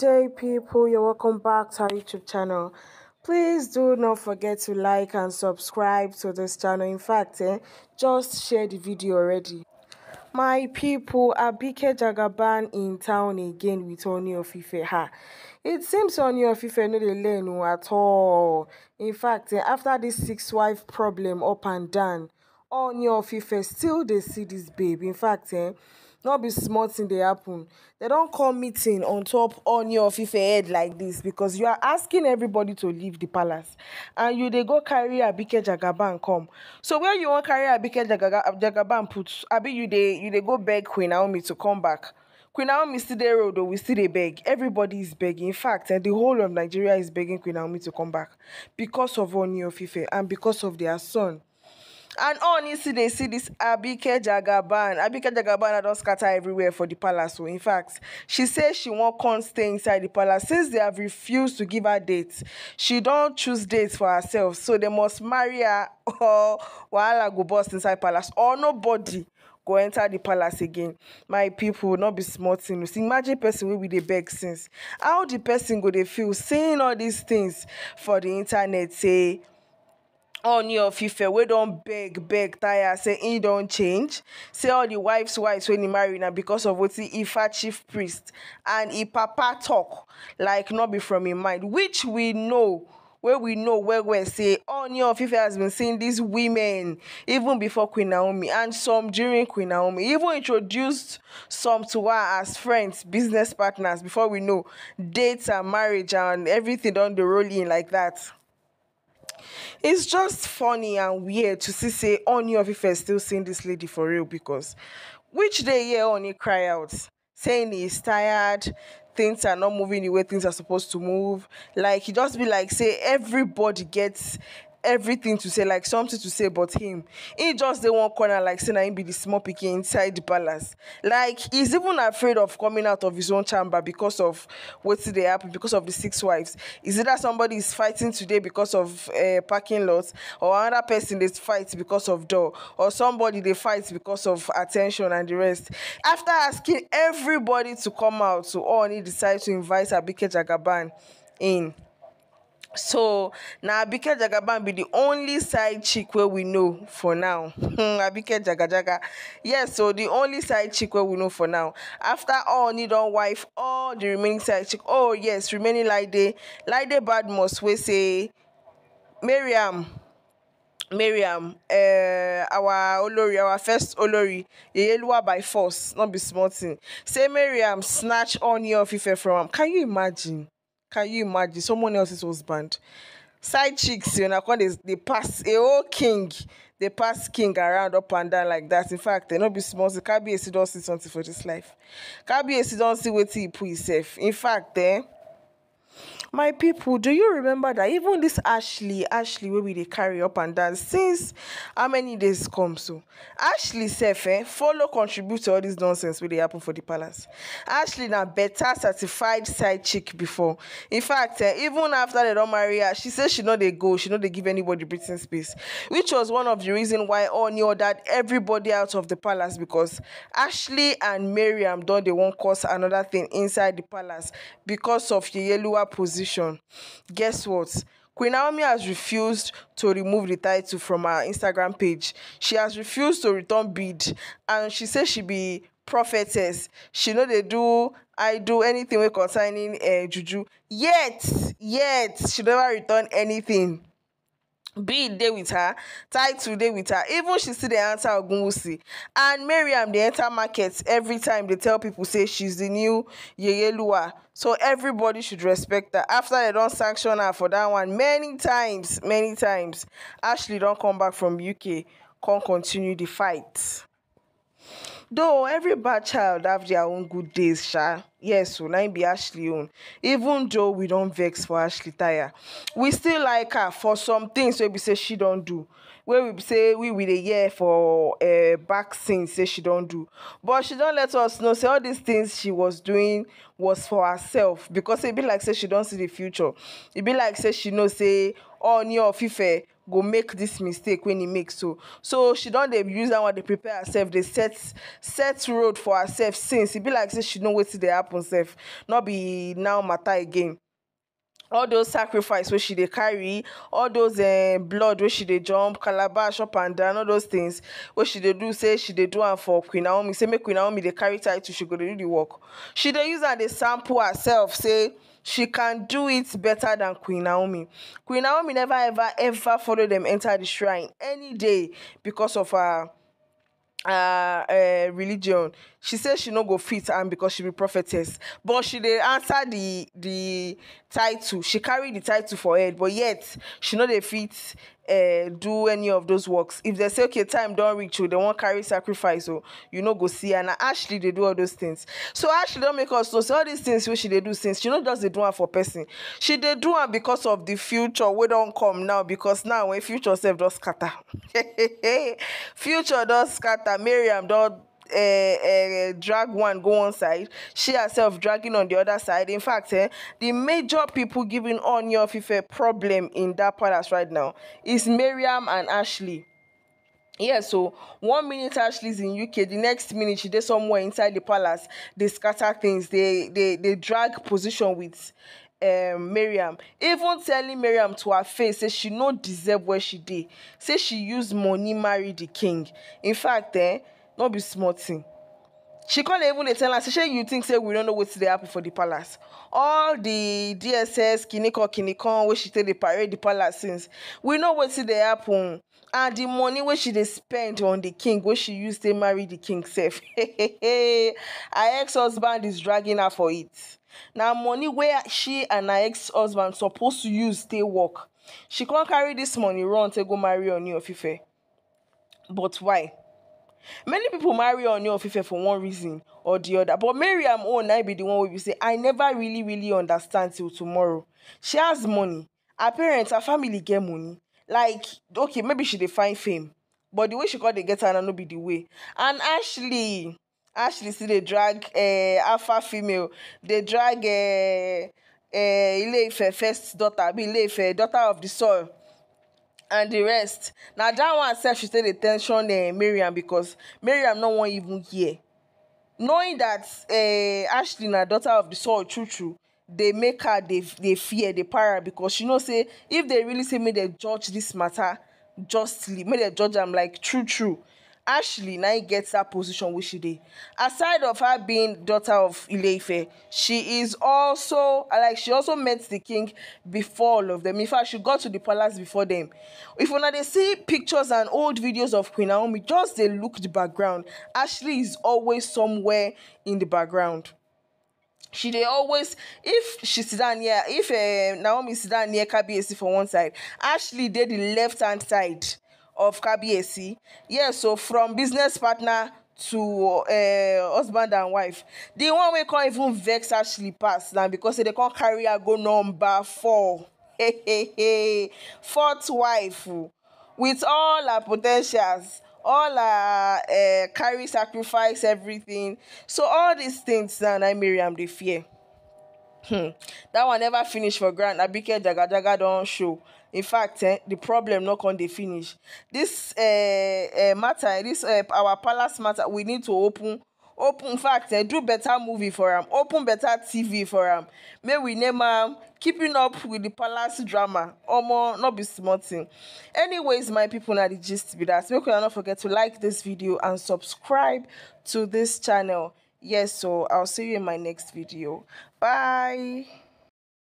day people you're welcome back to our youtube channel please do not forget to like and subscribe to this channel in fact eh, just share the video already my people abike jagaban in town again with Ooni of Ife ha it seems Ooni of Ife no dey learn at all in fact eh, after this six wife problem up and down Ooni of Ife still they see this babe in fact eh, Not be smart thing they happen don't call meeting on top on your FIFA head like this because you are asking everybody to leave the palace and you they go carry abike jagaban come so where you want carry abike jagaban put abi you you they go beg queen naomi to come back queen naomi still there though. we still dey beg everybody is begging in fact eh, the whole of nigeria is begging queen naomi to come back because of onion FIFA and because of their son and all you see they see this abike jagaban abike jagaban don't scatter everywhere for the palace So, oh. in fact she says she won't come stay inside the palace since they have refused to give her dates she don't choose dates for herself so they must marry her or while I go bust inside palace or nobody go enter the palace again my people pipo not be small tin imagine person will be the beg since how the person go dey feel seeing all these things for the internet say honey of ife wey don beg beg tire say im e don change say all the wives wives wey he marry na because of wetin ifa chief priest and im e papa talk like no be from im e mind which we know wey we know well well say honey of ife has been seeing these women even before queen naomi and some during queen naomi even introduced some to her as friends business partners before we know dates and marriage and everything don dey roll in like that. it's just funny and weird to see say Oni of still seeing this lady for real because which day yeah Oni cry out saying he's tired, things are not moving the way things are supposed to move. Like he just be like say everybody gets everything to say like something to say about him he just the one corner like saying na him be the small pikin inside the palace like he's even afraid of coming out of his own chamber because of wetin dey happen because of the six wives is it that somebody is fighting today because of uh, parking lot or another person they fight because of door or somebody they fight because of attention and the rest after asking everybody to come out so all he decide to invite abike jagaban in. So now Abike Jagaban be the only side chick where we know for now. Hmm, Abike Jaga, Yes, so the only side chick where we know for now. After all, need on wife, all the remaining side chick. Oh yes, remaining like like the bad most we say Miriam. Miriam, uh, our Olori, our first Olori, Yeyeluwa by force, not be smarting. Say Miriam snatch on your Ife from Can you imagine? Can you imagine someone else's husband? Side chicks, you know, they, they pass a whole king, they pass king around up and down like that. In fact, they not be small. They can't be a don't see something for this life. Can't be a don't see what he put himself. In fact, Eh, my people do you remember that even this ashley ashley where we they carry up and down since how many days come so ashley self eh follow contribute to all this nonsense where they happen for the palace ashley now better certified side chick before in fact eh even after don't marry her she says she know they go she know they give anybody breathing space which was one of the reason why oni ordered everybody out of the palace because ashley and mariam they won't cause another thing inside the palace because of yellow position. Guess what? Queen Naomi has refused to remove the title from her Instagram page. She has refused to return bid and she says she be prophetess. She know they do I do anything with concerning uh, juju. Yet, yet she never return anything. be there with her title there with her even she see the answer ogunwusi and Miriam, they enter markets. every time they tell people say she's the new Yeyelua, so everybody should respect her after they don't sanction her for that one many times many times ashley don't come back from uk can't continue the fight though every bad child have their own good days sha yes o oh, na be ashley own oh. even though we don vex for ashley tire we still like her for some things wey be say she don do wey we say we we dey hear for uh, back since say she don do but she don let us know say all these things she was doing was for herself because e be like say she don see the future e be like say she know say Ooni of Ife go make this mistake when he makes so so she don't dey use that one they prepare herself they set set road for herself since e be like say she wait till they happen Self not be now matter again all those sacrifice wey she they carry all those uh, blood wey she they jump calabash up and down all those things wey she they do say she they do and for queen naomi say make queen naomi dey carry title she go dey do the work she they use am dey sample herself say she can do it better than Queen Naomi. Queen Naomi never ever ever followed them enter the shrine any day because of her uh, uh, religion she says she no go fit and because she be prophetess but she dey answer the the title she carry the title for head but yet she no dey fit uh, do any of those works if they say okay time don reach you oh, they won't carry sacrifice o oh, you no go see and actually, they do all those things so actually, don't make us know say all these things which she dey do since she no just dey do am for person she dey do am because of the future we don't come now because now when eh, future sef does scatter future does scatter don't uh, uh, drag one go one side, she herself dragging on the other side. In fact, eh, the major people giving on your a problem in that palace right now is Miriam and Ashley. Yeah, so one minute Ashley's in UK, the next minute she did somewhere inside the palace. They scatter things. They they they drag position with um, Miriam, even telling Miriam to her face, say she no deserve what she did. Say she used money marry the king. In fact, eh, no be small thing she come dey even dey tell am say shey you think say we no know wetin dey happen for di palace all di dss kinikan kinikan wey she take dey parade di palace since we know wetin dey happen and di money wey she dey spend on di king wey she use take marry di king sef her ex-husband is dragging her for it na money wey she and her ex-husband suppose to use take work she come carry dis money run take go marry oni of ife but why many people marry on your Ife for one reason or the other but Mariam own I be the one wey be say I never really really understand till tomorrow she has money her parents her family get money like okay maybe she dey find fame but the way she got dey get am na no be the way and Ashley Ashley see dey drag uh, alpha female dey drag uh, eh, uh, eh, Ile-Ife first daughter abi ife daughter of the soil and the rest Now that one sef she said dey tension eh, maryam becos maryam no wan even here, knowing dat eh, ashley na daughter of di soul true true dey make her they they fear the para because she know say if they really say me, they judge this matter justly May they judge am like true true ashley now im get dat position Which she did. aside of her being daughter of ile she is also like she also met the king before all of them in fact she got to the palace before them if una they see pictures and old videos of queen naomi just they look the background ashley is always somewhere in the background she they always if she sit down here if uh, naomi sit down near kabiyesi for one side ashley dey the left hand side of K B A C, Yes, so from business partner to uh, husband and wife. The one can't even vex actually slippers now because they they not carry a go number four. Hey, hey, hey. Fourth wife oh. with all her potentials, all her uh, carry sacrifice, everything. So all these things na I, Miriam, they fear. Hmm. That one never finish for ground. Abike Jagajaga not show. in fact eh, the problem not come dey finish this uh, uh, matter this uh, our palace matter we need to open open in fact eh, do better movie for am open better tv for am May we name am keeping up with the palace drama omo not be smarting. anyways my people na the gist be that make sure not forget to like this video and subscribe to this channel yes so i'll see you in my next video bye